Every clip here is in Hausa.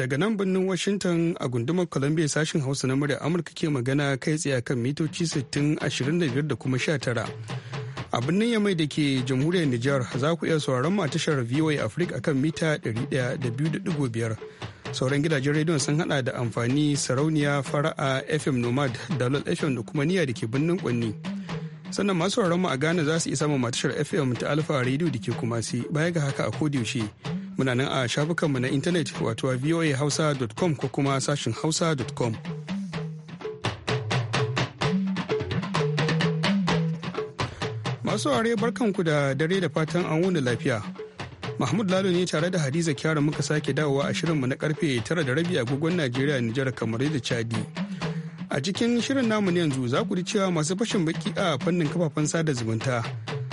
daga nan birnin washington a gundumar columbia sashen hausa na murya amurka ke magana kai tsaye kan mitoci 60 da kuma 19 a birnin yamai da ke jamhuriyar nijar za ku iya sauraron mu a tashar voa africa akan mita 100.5 sauran gidajen rediyon sun hada da amfani sarauniya fara'a fm nomad dalol fm da kuma niya da ke birnin kwanni sannan masu sauraron mu a ghana za su isa ma matashar fm ta alfa rediyo da ke kumasi baya ga haka a kodiyaushe muna nan a shafukanmu na intanet wato a voahausa.com ko kuma sashin hausa.com. Masu ware barkanku da dare da fatan an wuni lafiya. Mahmud Lalo ne tare da Hadiza Kyara muka sake dawowa a shirinmu na karfe tara da rabi agogon Najeriya Nijar kamar da Chadi. A cikin shirin namu yanzu za ku ji cewa masu fashin baki a fannin kafafen sada zumunta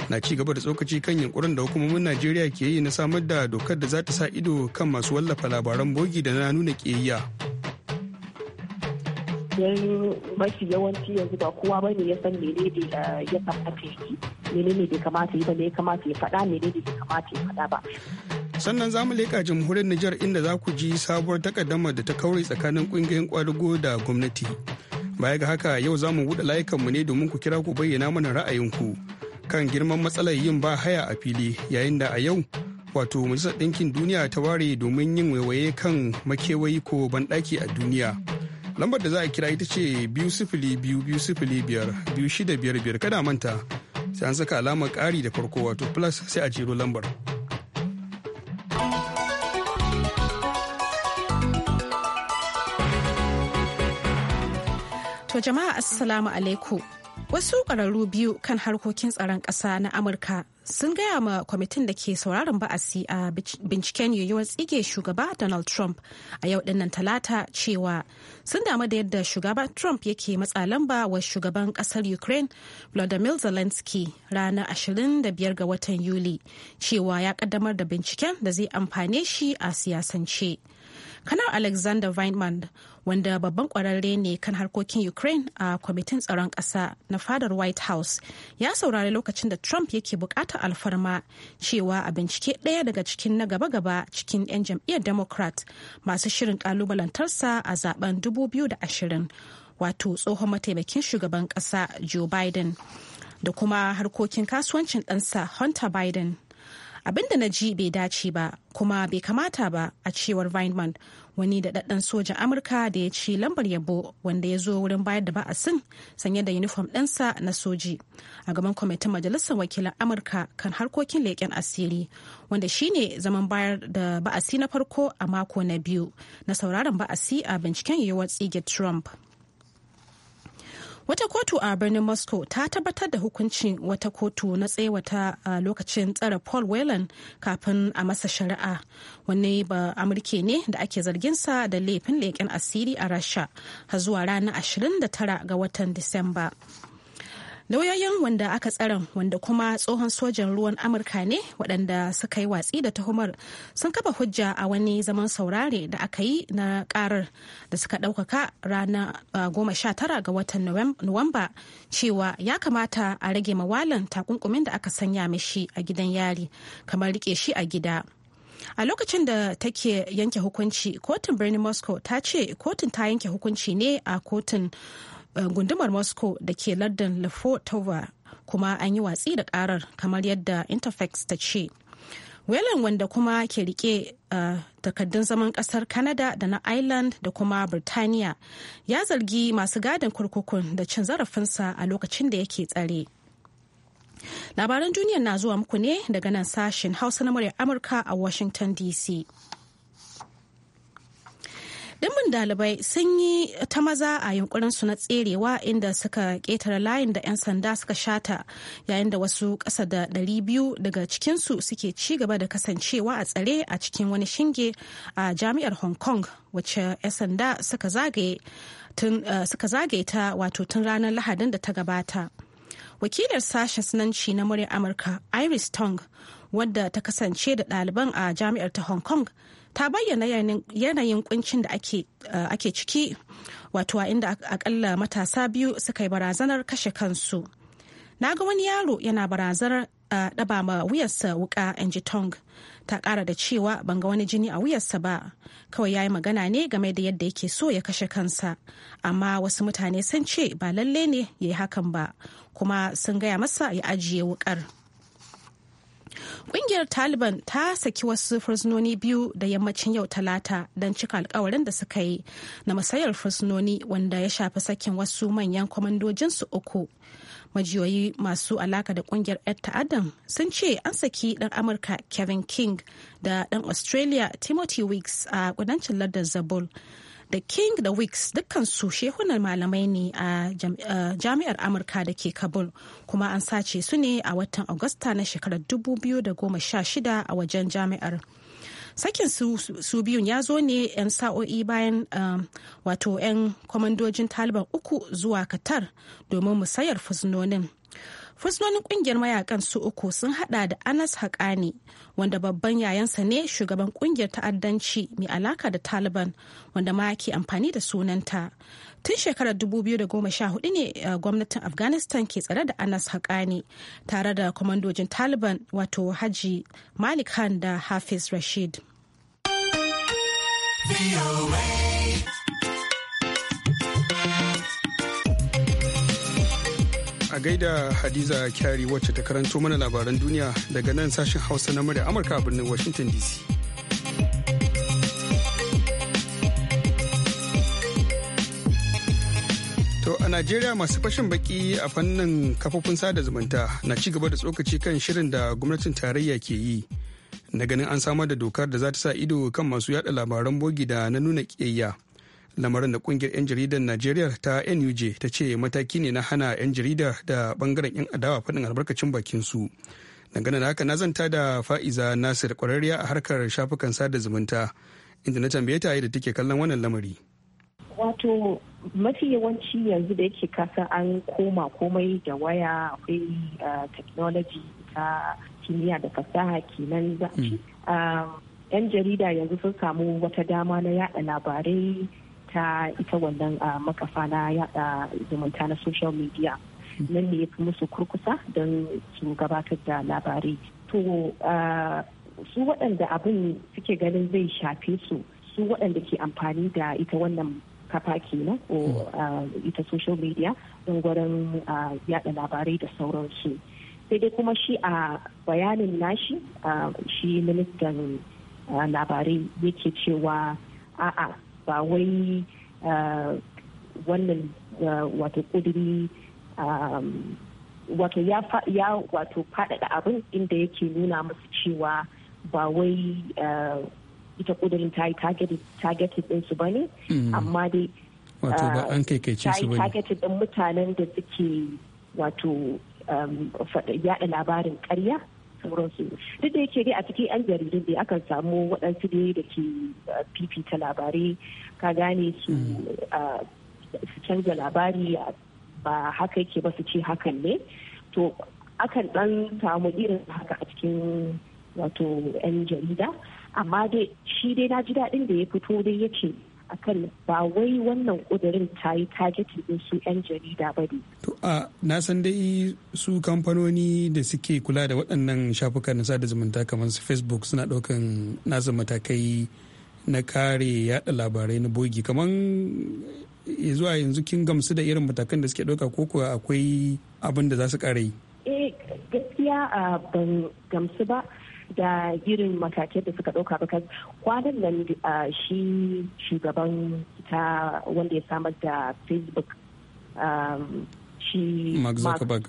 na ci gaba da tsokaci kan yunkurin da hukumomin najeriya ke yi na samar da dokar da za ta sa ido kan masu wallafa labaran bogi da na nuna ƙiyayya mafi yawanci yanzu ba kowa bane ya san menene eh, ya kamata yi ne bai kamata yi ba ne ya kamata ya faɗa ne bai kamata ya faɗa ba sannan za mu leƙa jamhuriyar Nijar inda za ku ji sabuwar takaddamar da ta kauri tsakanin ƙungiyar kwadugo da gwamnati. Baya ga haka yau za mu buɗe layukanmu ne domin ku kira ku bayyana mana ra'ayinku. kan girman matsalar yin ba haya a fili yayin da a yau wato majalisar ɗinkin duniya ta ware domin yin waiwaye kan makewayi ko banɗaki a duniya lambar da za a kira ita ce biyu sifili biyu biyu sifili biyar biyu shida biyar biyar kada manta sai an saka alamar ƙari da farko wato plus sai a jero lambar To jama'a assalamu alaikum Wasu ƙwararru biyu kan harkokin tsaron ƙasa na Amurka sun gaya ma kwamitin da ke sauraron ba'asi a binciken yiwuwar tsige shugaba Donald Trump a yau dinnan talata cewa sun damu da yadda shugaba Trump yake matsa lamba wa shugaban ƙasar Ukraine Vladimir Zelensky ranar 25 ga watan Yuli cewa ya ƙaddamar da binciken da zai amfane shi a siyasance. Kanar Alexander Weinman wanda babban kwararre ne kan harkokin Ukraine a kwamitin tsaron ƙasa na fadar White House ya saurari lokacin da Trump yake buƙatar alfarma cewa a bincike ɗaya daga cikin na gaba-gaba cikin 'yan jam'iyyar Democrat masu shirin ƙalubalantarsa a zaben 2020 wato tsohon mataimakin shugaban ƙasa Joe Biden da kuma harkokin kasuwancin ɗansa Hunter Biden. abinda na ji bai dace ba kuma bai kamata ba a cewar Vineman wani da sojan Amurka da ya ci lambar yabo wanda ya zo wurin bayar da ba'asin sanye da yunifom ɗinsa na soji a gaban kwamitin majalisar wakilan Amurka kan harkokin leƙen asiri wanda shine zaman bayar da ba'asi na farko a mako na biyu na sauraron ba'asi a binciken yiwuwar tsige Trump. wata kotu a birnin moscow ta tabbatar da hukuncin wata kotu na tsewata a lokacin tsare paul whelan kafin a masa shari'a wani ba amurke ne da ake zargin sa da laifin leƙen asiri a rasha har zuwa ranar 29 ga watan disamba lauyoyin wanda aka tsara wanda kuma tsohon sojan ruwan amurka ne waɗanda suka yi watsi da tuhumar sun kafa hujja a wani zaman saurare da aka yi na karar da suka ɗaukaka ranar goma sha tara ga watan nuwamba cewa ya kamata a rage mawalan takunkumin da aka sanya mashi a gidan yari kamar rike shi a gida a lokacin da take yanke hukunci kotun birnin moscow ta ce kotun ta yanke hukunci ne a kotun Eh, gundumar moscow da ke lardin lefortova kuma an yi watsi da karar kamar yadda interfax ta ce whelan wanda kuma ke rike eh, takardun zaman kasar canada da na ireland da kuma birtaniya ya zargi masu gadin kurkukun da cin zarafinsa a lokacin da yake tsare labaran duniyar na zuwa muku ne daga nan sashen hausa na muryar amurka a washington dc dimbin dalibai sun yi ta maza a yunkurin su na tserewa inda suka ketare layin da 'yan sanda suka shata yayin da wasu kasa da 200 daga cikinsu suke ci gaba da kasancewa a tsare a cikin wani shinge a jami'ar hong kong wacce 'yan sanda eh, suka zagaye ta wato tun ranar lahadin da ta gabata wakilar sashen sinanci na murya amurka iris tong wadda ta kasance da ɗaliban a jami'ar ta hong kong ta bayyana yanayin kuncin da eh, ake ciki wato a inda akalla matasa biyu suka yi barazanar kashe kansu na ga wani yaro yana barazanar eh, ɗaba ma wuyarsa wuka in ji tong ta ƙara da cewa ban ga wani jini a wuyarsa ba kawai ya yi magana ne game da yadda yake so ya kashe kansa amma wasu mutane sun ce ba lalle ne ya yi hakan ba kuma sun gaya masa ya ajiye wukar kungiyar Taliban ta saki wasu fursunoni biyu da yammacin yau talata don cika alkawarin da suka yi na masayar fursunoni wanda ya shafi sakin wasu manyan kwamandojinsu uku. majiyoyi masu alaka da kungiyar 'yar ta'addan sun ce an saki dan amurka kevin king da dan australia timothy weeks a kudancin lardar zabul da king da wicks dukkansu shehunan malamai ne a jami'ar amurka da ke kabul kuma an sace su ne a watan agusta na shekarar 2016 a wajen jami'ar sakin su, su biyun ya zo ne 'yan sa'o'i bayan um, wato 'yan kwamandojin taliban uku zuwa katar domin musayar fuzinonin. fursunonin kungiyar mayakan su uku sun hada da anas haƙani wanda babban yayansa ne shugaban kungiyar ta'addanci mai alaka da taliban wanda ma ke amfani da sunanta tun shekarar 2014 ne eh, gwamnatin afghanistan ke tsare da anas haƙani tare da kwamandojin taliban wato haji malik khan da hafiz rashid a gaida Hadiza Kyari wacce ta karanto mana labaran duniya daga nan sashen Hausa na murya Amurka a birnin Washington DC. To a Najeriya masu fashin baki a fannin kafofin sada zumunta na ci gaba da tsokaci kan shirin da gwamnatin tarayya ke yi. Na ganin an samar da dokar da za ta sa ido kan masu yada labaran bogi da na nuna ƙiyayya. lamarin da kungiyar 'yan jaridar najeriya ta nuj ta ce mataki ne na hana 'yan jarida da bangaren 'yan adawa faɗin albarkacin bakin su dangane da haka na zanta da fa'iza nasir kwararriya a harkar shafukan sada zumunta inda na tambaye ta da take kallon wannan lamari wato mafi yawanci yanzu da yake kasa an koma komai da waya akwai technology ta kimiyya da fasaha kenan za mm. yan jarida yanzu sun samu wata dama na yada labarai ta ita wannan makafa na yada zumunta na social media nan ne ya fi musu kurkusa don su gabatar da labarai to su waɗanda abin suke ganin zai shafe su su waɗanda ke amfani da ita wannan kafa kenan ko ita social media don gwarin yada labarai da sauransu sai dai kuma shi a bayanin nashi shi ministan labarai yake cewa a'a ba wai ah, wannan ah, wato kuduri wato ya wato faɗaɗa abin inda yake nuna musu cewa ba wai ah, ita kudurin ta yi targeted ɗinsu ba ne mm. amma dai wato ba an kaikaice su ba ne mutanen da suke wato yada labarin ƙarya sauransu duk da yake dai a cikin yan jaridun dai akan samu waɗansu dai da ke uh, fifita labarai ka gane su hmm. uh, canza labari uh, ba haka yake ba su ce hakan ne to akan ɗan samu irin haka a cikin wato yan jarida amma dai shi dai na ji daɗin da ya fito dai ya akan ba wai wannan ƙudurin ta yi targetin su yan jarida ba ne a na san dai su kamfanoni da suke kula da waɗannan shafukan na sada zumunta kamar su facebook suna ɗaukan nasa matakai na kare yada labarai na bogi kamar eh, zuwa yanzu kin gamsu da irin matakan da suke ɗauka ko kuwa akwai abin da za su ƙara yi eh ban gamsu ba da irin matakai da suka ɗauka ba kwanan nan shi shugaban ta wanda ya samar da facebook shi Mark Zuckerberg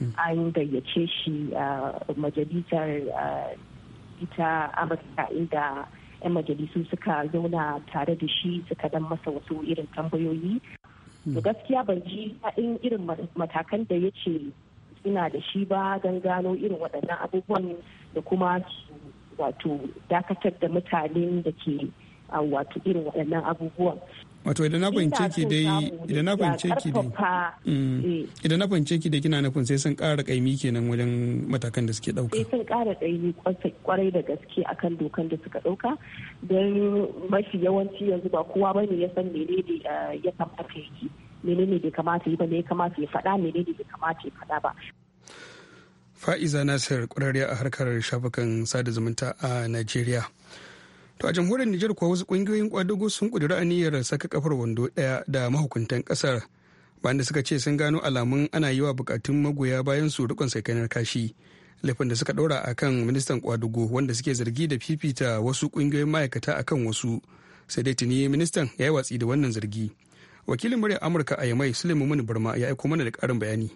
mm. an gayyace shi a majalisar ita Amurka inda 'yan majalisu suka zauna tare da shi suka dan masa wasu irin tambayoyi. Mm. gaskiya ban ji in irin matakan da ya ce suna da shi ba don gano irin waɗannan abubuwan da kuma wato dakatar da mutanen da ke wato irin waɗannan abubuwan. wato idan na fahimce ki dai idan na fahimce ki dai idan na fahimce ki dai kina nufin sai sun kara ƙaimi kenan wajen matakan da suke ɗauka sai sun ƙara ƙaimi kwarai da gaske akan dokan da suka ɗauka don mafi yawanci yanzu ba kowa bane ya san menene eh, ya kamata yi menene bai kamata yi ba ne ya kamata ya faɗa menene bai kamata ya faɗa ba fa'iza nasir ƙwararriya a harkar shafukan sada zumunta a najeriya To a jamhuriyar Nijar kuwa wasu kungiyoyin kwadago sun kudura aniyar saka kafar wando daya da mahukuntan kasar bayan da suka ce sun gano alamun ana yi wa bukatun magoya bayan su rikon saikanar kashi laifin da suka daura a kan ministan kwadugo wanda suke zargi da fifita wasu kungiyoyin ma'aikata a kan wasu sai dai tuni ministan ya yi watsi da wannan zargi wakilin murya amurka a yamai suleiman barma ya aiko mana da karin bayani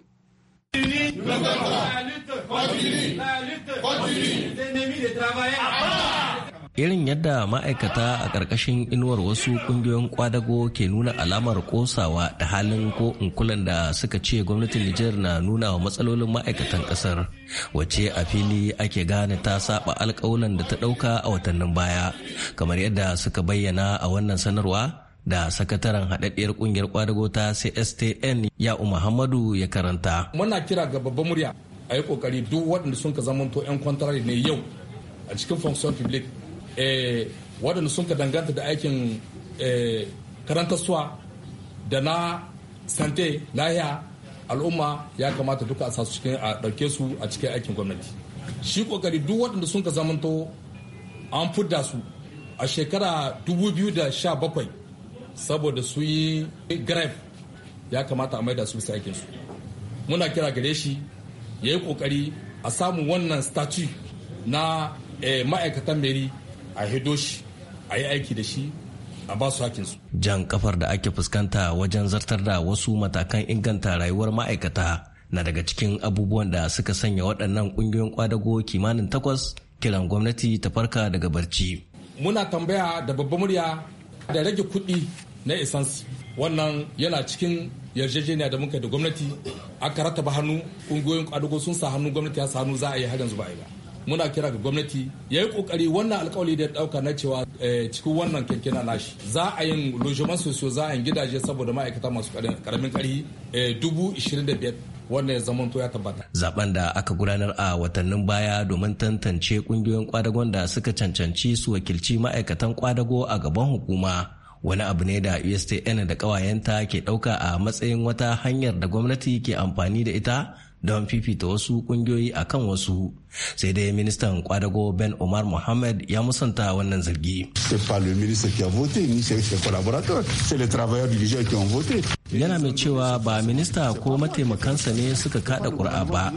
irin yadda ma'aikata a ƙarƙashin inuwar wasu ƙungiyoyin kwadago ke nuna alamar ƙosawa da halin ko inkulan da suka ce gwamnatin Nijar na nuna wa matsalolin ma'aikatan ƙasar wace a fili ake gane ta saba alƙawulan da ta ɗauka a watannin baya kamar yadda suka bayyana a wannan sanarwa da sakataren haɗaɗɗiyar ƙungiyar kwadago ta CSTN ya Muhammadu ya karanta. Muna kira ga babban murya a yi ƙoƙari duk waɗanda sun ka zamanto 'yan kwantarari ne yau a cikin fonction public Eh, waɗanda sun ka danganta da aikin eh, karantarsuwa da na sante lahiya al'umma ya kamata duka a sasu cikin a ɗauke su a cikin aikin gwamnati shi kokari duk waɗanda sun ka zamanto an fudda su a shekara 2017 saboda su yi grave ya kamata a maida su bisa aikin su muna kira gare shi ya yi kokari a samu wannan statue na eh, ma'aikatan meri a hido shi a yi aiki da shi a ba su hakinsu. jan kafar da ake fuskanta wajen zartar da wasu matakan inganta rayuwar ma'aikata na daga cikin abubuwan da suka sanya waɗannan ƙungiyoyin kwadago kimanin takwas kiran gwamnati ta farka daga barci. muna tambaya da babban murya da rage kuɗi na essence wannan yana cikin yarjejeniya da muka da gwamnati aka rataba hannu ƙungiyoyin kwadago sun sa hannu gwamnati ya sa hannu za a yi har yanzu ba a yi ba. muna kira ga gwamnati ya yi kokari wannan alkawali da ya dauka na cewa eh, cikin wannan na nashi za a yin lojoman sosiyo za a yin gidaje saboda ma'aikata masu karamin karhi eh, dubu ishirin da biyar wannan ya zamanto ya tabbata. Zaben da aka gudanar a watannin baya domin tantance kungiyoyin kwadagon da suka cancanci su wakilci ma'aikatan kwadago a gaban hukuma wani abu ne da USTN da kawayenta ke dauka a matsayin wata hanyar da gwamnati ke amfani da ita don fifita wasu kungiyoyi a kan wasu sai dai ministan kwadago ben omar mohamed ya musanta wannan zargi yana mai cewa ba minista ko mataimakansa ne suka kada ƙuri'a ba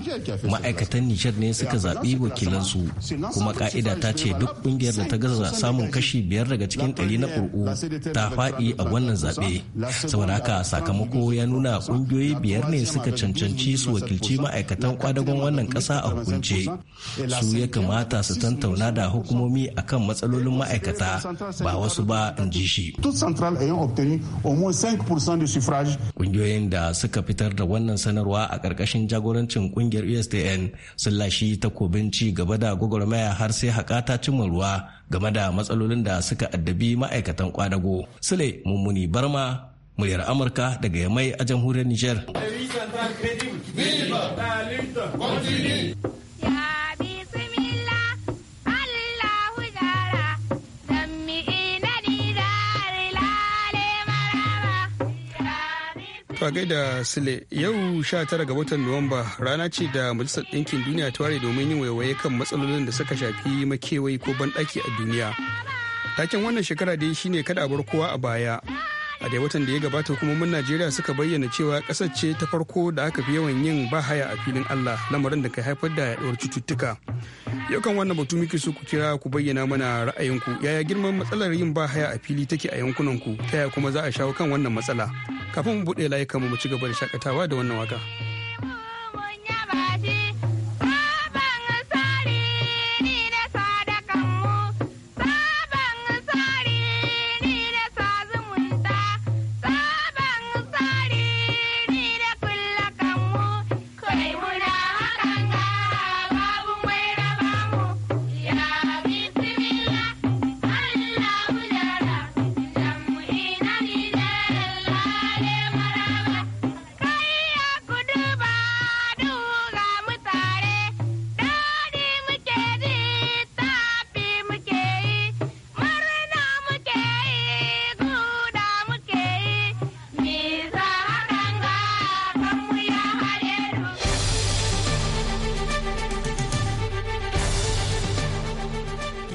ma'aikatan nijar ne suka zaɓi wakilansu kuma ka'ida ta ce duk ƙungiyar da ta gaza samun kashi biyar daga cikin ɗari na ƙur'u ta faɗi a wannan zaɓe saboda haka sakamako ya nuna ƙungiyoyi biyar ne suka cancanci su wakilci ma'aikatan kwadagon wannan ƙasa a hukunce su ya kamata su tantauna da hukumomi akan matsalolin ma'aikata ba wasu ba in ji shi ƙungiyoyin da suka fitar da wannan sanarwa a ƙarƙashin jagorancin ƙungiyar usdn sun lashi takobin ci gaba da gwagwarmaya har sai haƙata ta cimma ruwa game da matsalolin da suka addabi ma'aikatan kwadago sule mummuni barma muryar amurka daga yamai a jamhuriyar niger Ka gaida Sile yau 19 ga watan Nuwamba rana ce da Majalisar Ɗinkin Duniya ta ware domin yin waiwaye kan matsalolin da suka shafi makewayi ko banɗaki a duniya. Taken wannan shekara dai shine kada a bar kowa a baya a dai watan da ya gabata hukumomin najeriya suka bayyana cewa kasar ce ta farko da aka fi yawan yin bahaya a filin allah lamarin da ka haifar da yaɗuwar cututtuka yau kan wannan batu muke so ku kira ku bayyana mana ra'ayinku yaya girman matsalar yin bahaya a fili take a yankunanku ta yaya kuma za a shawo kan wannan matsala kafin mu buɗe layukan mu ci gaba da shakatawa da wannan waka.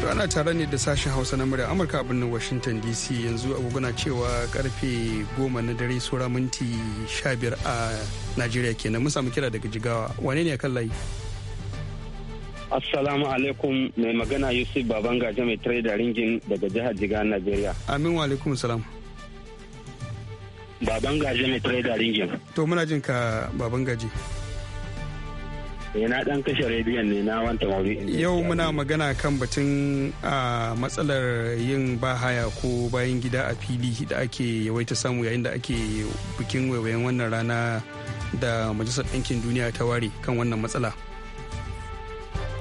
To ana tare ne da sashen Hausa na murya Amurka a birnin Washington DC yanzu agogona cewa karfe goma na dare sura minti sha biyar a Najeriya kenan mun samu kira daga jigawa wane ne kan layi? Assalamu alaikum mai magana Yusuf Babangaje mai trader ringin daga jihar Jigawa Najeriya. Amin wa alaikum salam. Babangaje mai trader ringin. To muna jin ka Babangaje. Eh, na dan kashe rediyon ne na wanta yau muna magana kan batun a matsalar yin bahaya ko bayan gida a fili da ake yawaita samu yayin da ake bikin waiwayen wannan rana da majalisar ɗinkin duniya ta ware kan wannan matsala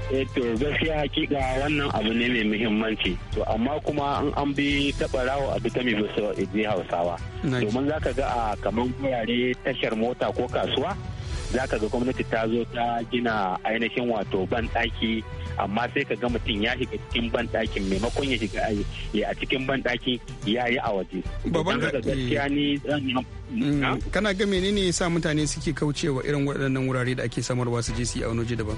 eh, to gaskiya hakika wannan abu ne mai muhimmanci to amma kuma an an bi taba rawo a bita mai hausawa domin za ka ga a kamar gurare tashar mota ko kasuwa za ka ga gwamnati ta zo ta gina ainihin wato ban ɗaki amma sai ka ga mutum ya shiga cikin ban ɗakin maimakon ya shiga a cikin ban ɗaki ya yi a waje. Babban da gaskiya ni mm, kana ga menene ya sa mutane suke kaucewa irin waɗannan wurare da ake samarwa su je su yi a wani daban.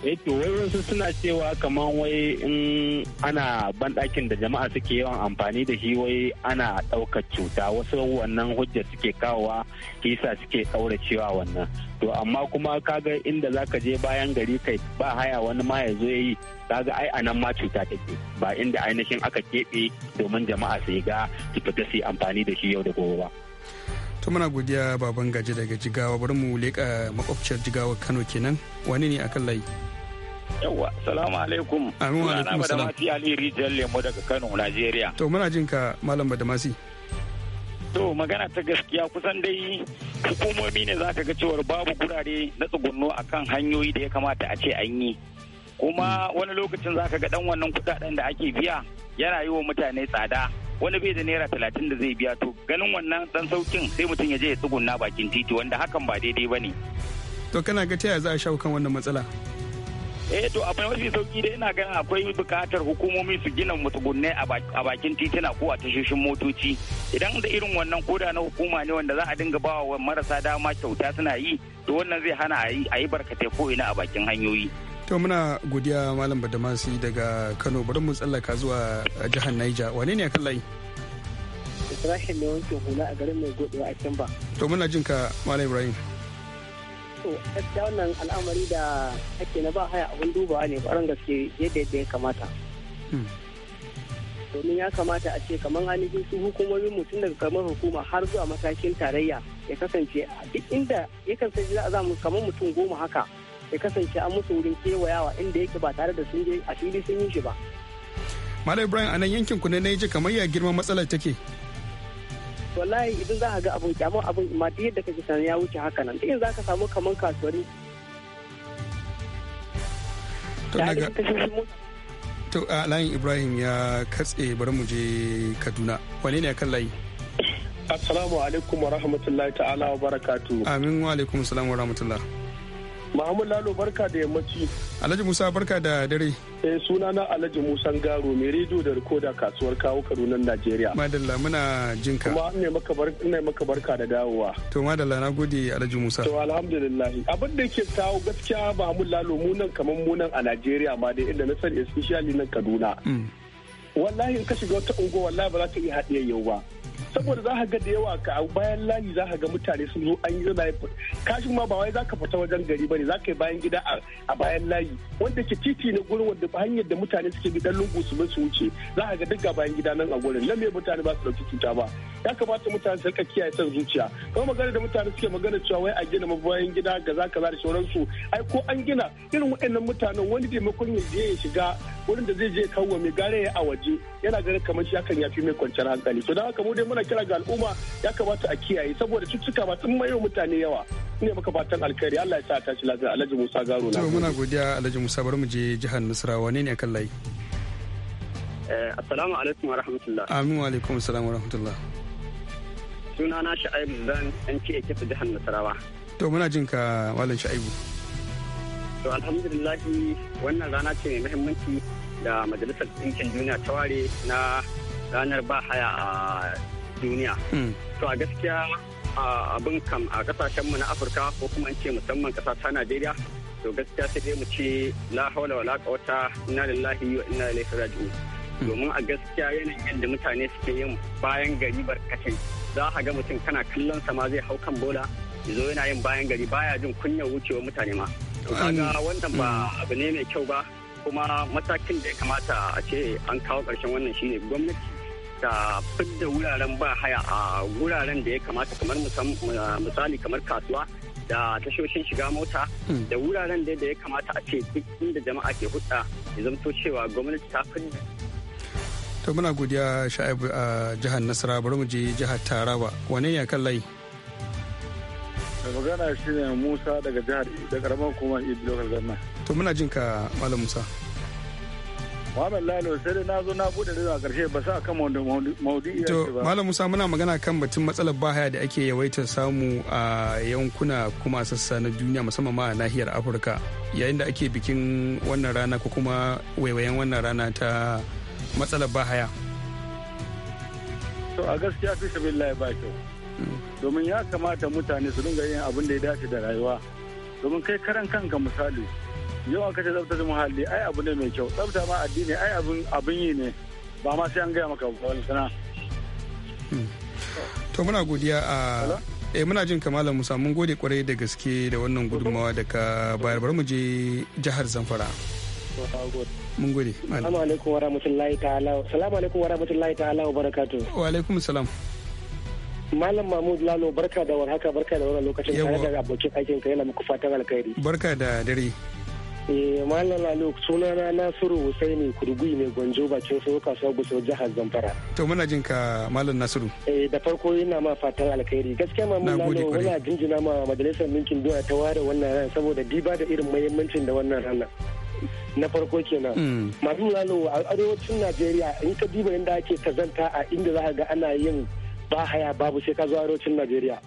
Eh, to wai wasu suna cewa kamar wai in ana banɗakin da jama'a suke yawan amfani da shi wai ana ɗaukar cuta wasu wannan hujjar suke kawowa kisa suke ɗaura cewa wannan to amma kuma kaga inda zaka je bayan gari kai ba haya wani ma ya zo ya yi kaga ai anan ma cuta take ba inda ainihin aka keɓe domin jama'a su ga su fita su amfani da shi yau da gobe ba. to muna godiya baban gaji daga jigawa bari mu leƙa makwabciyar jigawa kano kenan wani ne akan layi. Yawwa, salamu alaikum. Amin wa alaikum salam. Badamasi Ali Rijal Lemo daga Kano, Najeriya. To muna jin ka Malam Badamasi. To magana ta gaskiya kusan dai hukumomi ne zaka ga cewar babu gurare na tsugunno akan hanyoyi da ya kamata a ce an yi. Kuma mm. wani lokacin zaka ga dan wannan kudaden da ake biya yana yi wa mutane tsada. Wani bai da naira talatin da zai biya to ganin wannan dan saukin sai mutum ya je ya tsugunna bakin titi wanda hakan ba daidai ba ne. To kana ga ta yaya za a shawo kan wannan matsala? eh to akwai mafi sauki da ina ganin akwai bukatar hukumomi su gina matsugunne a bakin titina ko a tashoshin motoci idan da irin wannan koda na hukuma ne wanda za a dinga ba wa marasa dama kyauta suna yi to wannan zai hana a yi barkatai ko ina a bakin hanyoyi to muna godiya malam badamasi daga kano bari mu tsallaka zuwa eh, jihar naija wane ne a kan layi ibrahim ne wanke hula a garin mai godewa a can ba to muna jinka malam ibrahim to gaskiya wannan al'amari da ake na ba haya abin dubawa ne baran gaske yadda yadda ya kamata hmm. domin ya kamata a ce kamar ainihin su hukumomin mutum daga kamar hukuma har zuwa matakin tarayya ya kasance duk inda ya kasance za a zamu kamar mutum goma haka ya kasance an musu wurin kewayawa inda yake ba tare da sun je a fili sun yi shi ba. Malam Ibrahim a nan yankin ku ne na ji kamar ya girma matsalar take. wallahi idan za a ga abun kyamun abun ma duk yadda kake sanin ya wuce haka nan duk za ka samu kaman kasuwanni to a layin ibrahim ya katse bari mu je kaduna wane ne kan layi assalamu alaikum wa rahmatullahi ta'ala wa barakatu amin wa alaikum salam wa rahmatullahi. mahamud Lalo barka da yammaci. Alhaji Musa barka da dare. Eh suna na Alhaji Musa Garo mai rediyo da rikoda kasuwar kawo kaduna Najeriya. Madalla muna jin ka. Kuma ne maka barka ne maka barka da dawowa. To madalla na gode Alhaji Musa. To alhamdulillah. Abin da yake kawo gaskiya ba mu lalo mu nan kaman mu nan a Najeriya ma dai inda na sani especially nan Kaduna. Mm. Wallahi in ka shiga wata unguwa wallahi ba za ta iya haɗiya yau ba. saboda za ka ga da yawa ka bayan layi za ka ga mutane sun zo an yi zana kashin ma ba wai za ka fita wajen gari ba ne za ka yi bayan gida a bayan layi wanda ke titi na gurin wanda hanyar da mutane suke bi lungu su su wuce za ka ga duka bayan gida nan a gurin nan me mutane ba su dauki cuta ba ya kamata mutane su rika kiyaye san zuciya kuma magana da mutane suke magana cewa wai a gina mabayan gida ga za ka da sauransu ai ko an gina irin waɗannan mutanen wani taimakon ya je ya shiga wurin da zai je kawo mai gare ya a waje yana ganin kamar shi hakan ya fi mai kwanciyar hankali to don haka mu dai muna muna kira ga al'umma ya kamata a kiyaye saboda cututtuka ba sun mayo mutane yawa ne maka fatan alkhairi Allah ya sa ta ci lafiya Alhaji Musa Garo na to muna godiya Alhaji Musa bari mu je jihar Nasarawa ne ne akan layi eh, assalamu alaikum wa rahmatullah amin wa alaikum assalam wa rahmatullah suna na Sha'ibu zan an ce ke jihar Nasarawa to muna jin ka malam Sha'ibu to alhamdulillah wannan rana ce mai muhimmanci da majalisar Dinkin duniya ta ware na ranar ba haya a duniya hmm. to a gaskiya abin kam a kasashen mu na afirka ko kuma an ce musamman kasa ta najeriya to gaskiya sai dai mu ce la haula wala quwwata inna lillahi wa inna ilaihi raji'un hmm. domin a gaskiya yanayin yadda mutane suke yin bayan gari barkatai za ka ga mutum kana kallon sa ma zai hau kan bola zo yana yin bayan gari baya jin kunyar wucewa mutane ma to kaga hmm. wannan ba abu ne mai kyau ba kuma matakin da ya kamata a ce an kawo ƙarshen wannan shine gwamnati da fidda wuraren ba haya a wuraren da ya kamata kamar misali kamar kasuwa da tashoshin shiga mota hmm. da wuraren da ya kamata a ce duk inda jama'a ke hudda ya zamto cewa gwamnati ta fidda to muna godiya sha'ib a jihar nasara bari mu je jihar taraba wane ne kan layi da magana shi ne musa daga jihar da karamar kuma ibi local government to muna jin ka malam musa Muhammad Lalo sai dai na na bude da karshe ba sa kan maudu'i To Malam Musa muna magana kan batun matsalar bahaya da ake yawaitar samu a yankuna kuma sassa na duniya musamman ma a nahiyar Afirka yayin da ake bikin wannan rana ko kuma waiwayen wannan rana ta matsalar bahaya. To a gaskiya fi lai ba kyau. Domin ya kamata mutane su dinga yin abin da ya dace da rayuwa. Domin kai karan kanka misali yawan kashe tsabtar muhalli ai abu ne mai kyau tsabta ma addini ai abin yi ne ba ma sai an gaya maka wani sana. Hmm. to muna godiya a ah, eh muna jin kamalan musa mun gode kwarai da gaske da wannan gudunmawa da ka bayar bari mu je jihar zamfara mun gode assalamu alaikum warahmatullahi ta'ala salamu alaikum warahmatullahi ta'ala wa barakatuh wa alaikum salam Malam Mahmud Lalo barka da warhaka barka da wannan lokacin tare da abokin aikin ka yana muku fatan alkhairi. Barka da dare. Eh Malam sunana Nasiru Husaini Kurgui ne Gwanjo bakin so kasuwa Gusau jihar Zamfara. To muna jin ka Malam Nasiru. Eh da farko ina ma fatan alkhairi. Gaskiya ma mun Lalo muna jinjina ma majalisar minkin doya ta ware wannan ran saboda diba da irin muhimmancin da wannan ranar. na farko kenan mm. masu lalo a arewacin najeriya in ka diba inda ake kazanta a inda za ga ana yin ba haya babu sai ka zo arewacin najeriya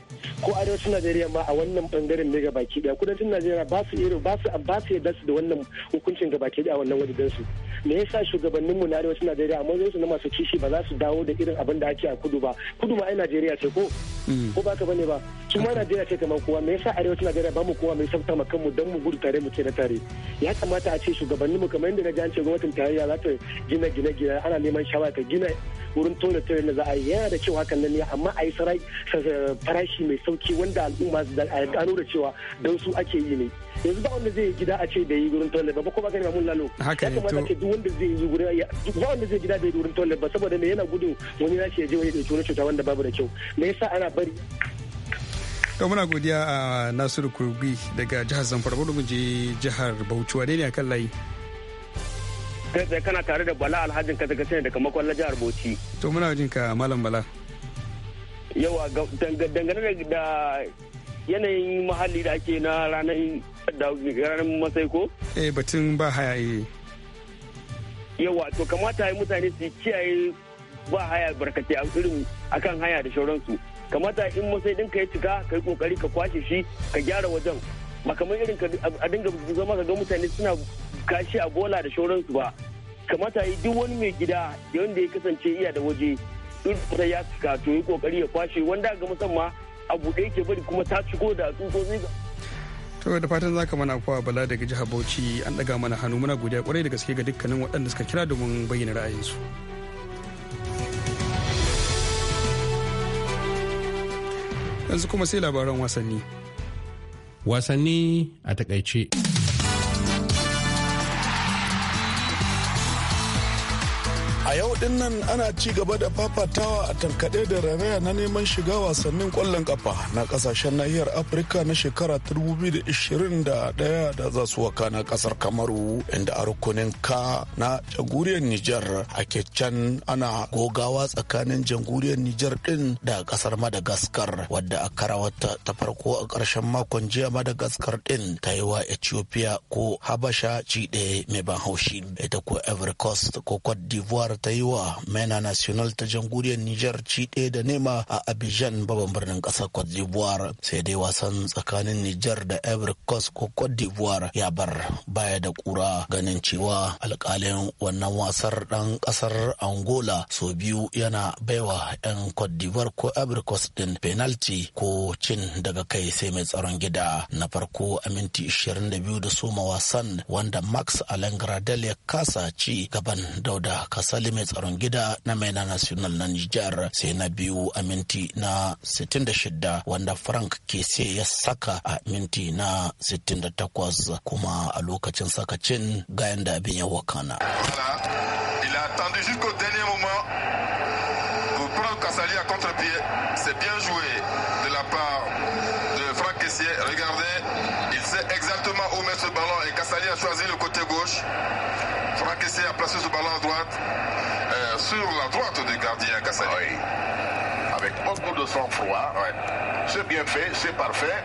ko arewacin najeriya ma a wannan bangaren ne gabaki daya kudancin najeriya ba su irin ba su su da wannan hukuncin gabaki daya a wannan wajen su me yasa shugabannin mu na arewacin Najeriya amma yanzu na masu kishi ba za su dawo da irin abin da ake a kudu ba kudu ma ai Najeriya ce ko mm. ko ba ka bane ba su ma Najeriya ce kamar kowa me yasa arewacin Najeriya ba mu kowa mai sabta makan mu dan mu gudu tare mu ce na tare ya kamata a ce shugabannin mu kamar yadda na jance an watan gwamnatin tarayya za ta gina gine gine ana neman shawara ta gina wurin tona tare da za a yi yana da cewa hakan nan ne amma a yi farashi mai sauki wanda al'umma gano da cewa don su ake yi ne yanzu ba wanda zai yi gida a ce bai yi wurin toilet ba ko ba gani mun lalo haka ne to ce duk wanda zai yi ya ba wanda zai gida bai yi wurin toilet ba saboda ne yana gudu wani ya je wani dauki wani cuta wanda babu da kyau me yasa ana bari to muna godiya a Nasiru Kurbi daga jihar Zamfara ba mu je jihar Bauchi wa ne kan layi kai kana tare da Bala Alhajin ka daga daga makon jihar Bauchi to muna jin ka malam Bala yawa dangane da yanayin muhalli da ake na ranar ranar masai ko? Eh batun ba haya yi. Eh. Yawa to kamata yi mutane su kiyaye ba haya barkatai a irin akan haya da shauransu. Kamata in masai ɗinka ya cika ka yi kokari ka kwashe shi ka gyara wajen. Ba kamar irin a dinga zama ka ga mutane suna kashi a bola da shauransu ba. Kamata yi duk wani mai gida da wanda ya kasance iya da waje. Duk ya cika to yi kokari ya kwashe wanda ga musamman a buɗe yake bari kuma ta shigo da tsutsotsi to da fatan zaka mana kowa bala daga jihar bauchi an daga mana hannu muna godiya kwarai da gaske ga dukkanin waɗanda suka kira domin bayyana ra'ayinsu yanzu kuma sai labaran wasanni wasanni a takaice din nan ana ci gaba da fafatawa a tankaɗe da raraya na neman shiga wasannin kwallon ƙafa na ƙasashen nahiyar afirka na shekara 2021 da za su waka na ƙasar kamaru inda a rukunin ka na jamhuriyar nijar ke can ana gogawa tsakanin jamhuriyar nijar din da ƙasar madagascar wadda a karawata ta farko a ƙarshen makon jiya madagascar din ta yi wa ethiopia ko habasha ci ɗaya mai ban haushi ita ko ivory coast ko cote d'ivoire ta yi wa zuwa mena national ta jamhuriyar niger ci ɗaya da nema a abidjan babban birnin ƙasar cote d'ivoire sai dai wasan tsakanin niger da ivory coast ko cote d'ivoire ya bar baya da kura ganin cewa alƙalin wannan wasar ɗan ƙasar angola sau biyu yana baiwa 'yan cote d'ivoire ko ivory coast ɗin penalty ko cin daga kai sai mai tsaron gida na farko a minti 22 da soma wasan wanda max alengradel ya kasa ci gaban dauda kasali mai Voilà, Il a attendu jusqu'au dernier moment pour prendre Kassali à contre-pied. C'est bien joué de la part de Franck Kessier. Regardez, il sait exactement où mettre ce ballon et Kassali a choisi le côté gauche. Franck Kessier a placé ce ballon à droite sur la droite du gardien Avec beaucoup de sang-froid. C'est bien fait, c'est parfait.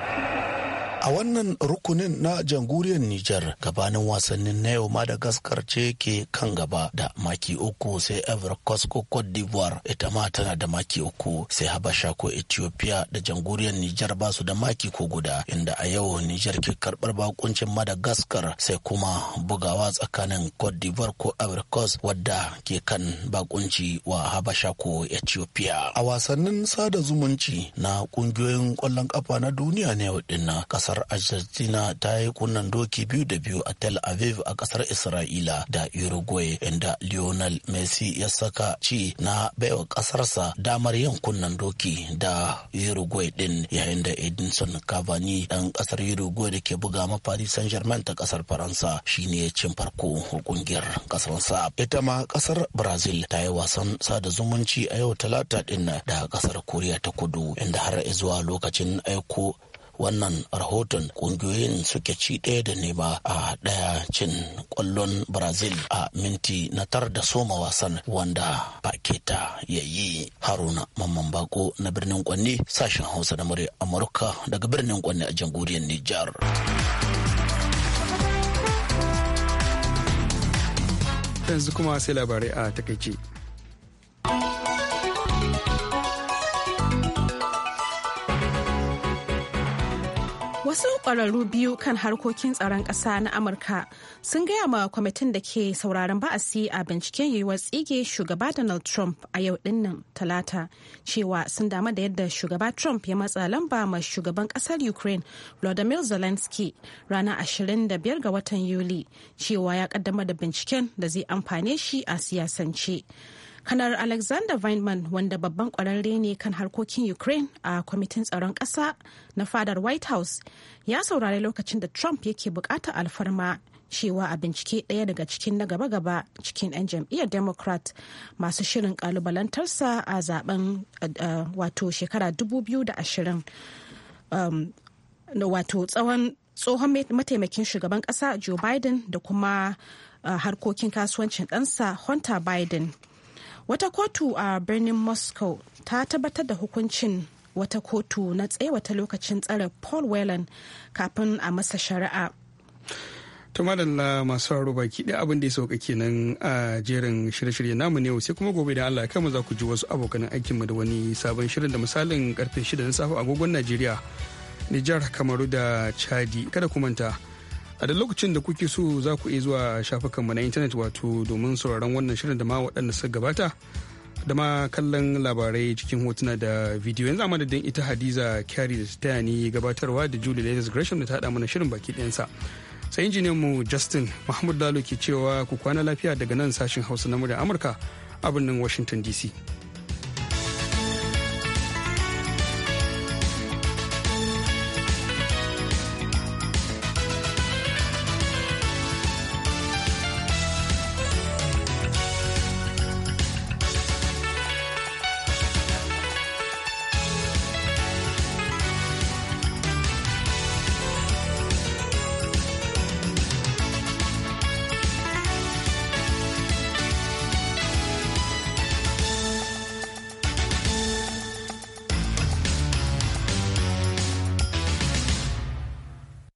a wannan rukunin na janguriyar Nijar gabanin wasannin na yau Madagascar ce ke kan gaba da maki uku sai Ivory ko Cote d'Ivoire ita ma tana da maki uku sai Habasha ko Ethiopia da janguriyar Nijar ba su da maki ko guda inda a yau Nijar ke karbar bakuncin Madagascar sai kuma bugawa tsakanin Cote d'Ivoire ko Ivory wadda ke kan bakunci wa Habasha ko Ethiopia a wasannin sada zumunci na kungiyoyin kwallon kafa na duniya ne yau kasar kasar argentina ta yi kunnan doki biyu da biyu a tel aviv a kasar isra'ila da uruguay inda lionel messi ya saka ci na baiwa kasarsa damar yin kunnan doki da uruguay din yayin da edinson cavani dan kasar uruguay da ke buga ma paris saint germain ta kasar faransa shine cin farko kungiyar kasarsa ita ma kasar brazil ta yi wasan sada zumunci a yau talata din da kasar koriya ta kudu inda har zuwa lokacin aiko wannan rahoton kungiyoyin suke ci ɗaya da nema a ɗaya cin kwallon brazil a minti na tar da soma wasan wanda paketa ya yi haruna mamman bako na birnin kwanne sashen hausa da murya amurka daga birnin kwanne a jamhuriyar nijar yanzu kuma sai labarai a takaice Wasu ƙwararru biyu kan harkokin tsaron ƙasa na Amurka sun gaya ma kwamitin da ke sauraron ba'asi a binciken yiwuwar tsige shugaba Donald Trump a yau dinnan talata cewa sun damu da yadda shugaba Trump ya matsa lamba ma shugaban ƙasar Ukraine Volodymyr Zelensky ranar 25 ga watan Yuli cewa ya ƙaddamar da binciken da zai amfane shi a siyasance. kanar alexander weinman wanda babban kwararre ne kan harkokin ukraine a kwamitin tsaron ƙasa na fadar white house ya saurari lokacin da trump yake buƙatar alfarma cewa a bincike ɗaya daga cikin na gaba-gaba cikin 'yan jam'iyyar democrat masu shirin kalubalantarsa a zaben wato shekara 2020 um, wato tsawon tsohon mataimakin shugaban ƙasa joe biden da kuma uh, harkokin kasuwancin ɗansa hunter biden wata kotu a birnin moscow ta tabbatar da hukuncin wata kotu na tsewata lokacin tsare paul whelan kafin a masa shari'a ta na masu haro baki ɗaya abin da ya sauka kenan a jerin shirye-shirye namu ne sai kuma gobe da Allah ya kama za ku ji wasu abokan aikinmu da wani sabon shirin da misalin karfe shida na safe agogon Najeriya Nijar Kamaru da Chadi kada ku manta a da lokacin da kuke so za ku iya zuwa shafukanmu na intanet wato domin sauraron wannan shirin da ma waɗanda suka gabata da ma kallon labarai cikin hotuna da video yanzu a madadin ita hadiza kyari da ta ni gabatarwa da julie latest gresham da ta haɗa mana shirin baki sa sai injiniyan mu justin mahmud lalo ke cewa ku kwana lafiya daga nan sashen hausa na murya amurka a birnin washington dc